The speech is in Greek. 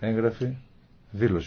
έγγραφη δήλωση.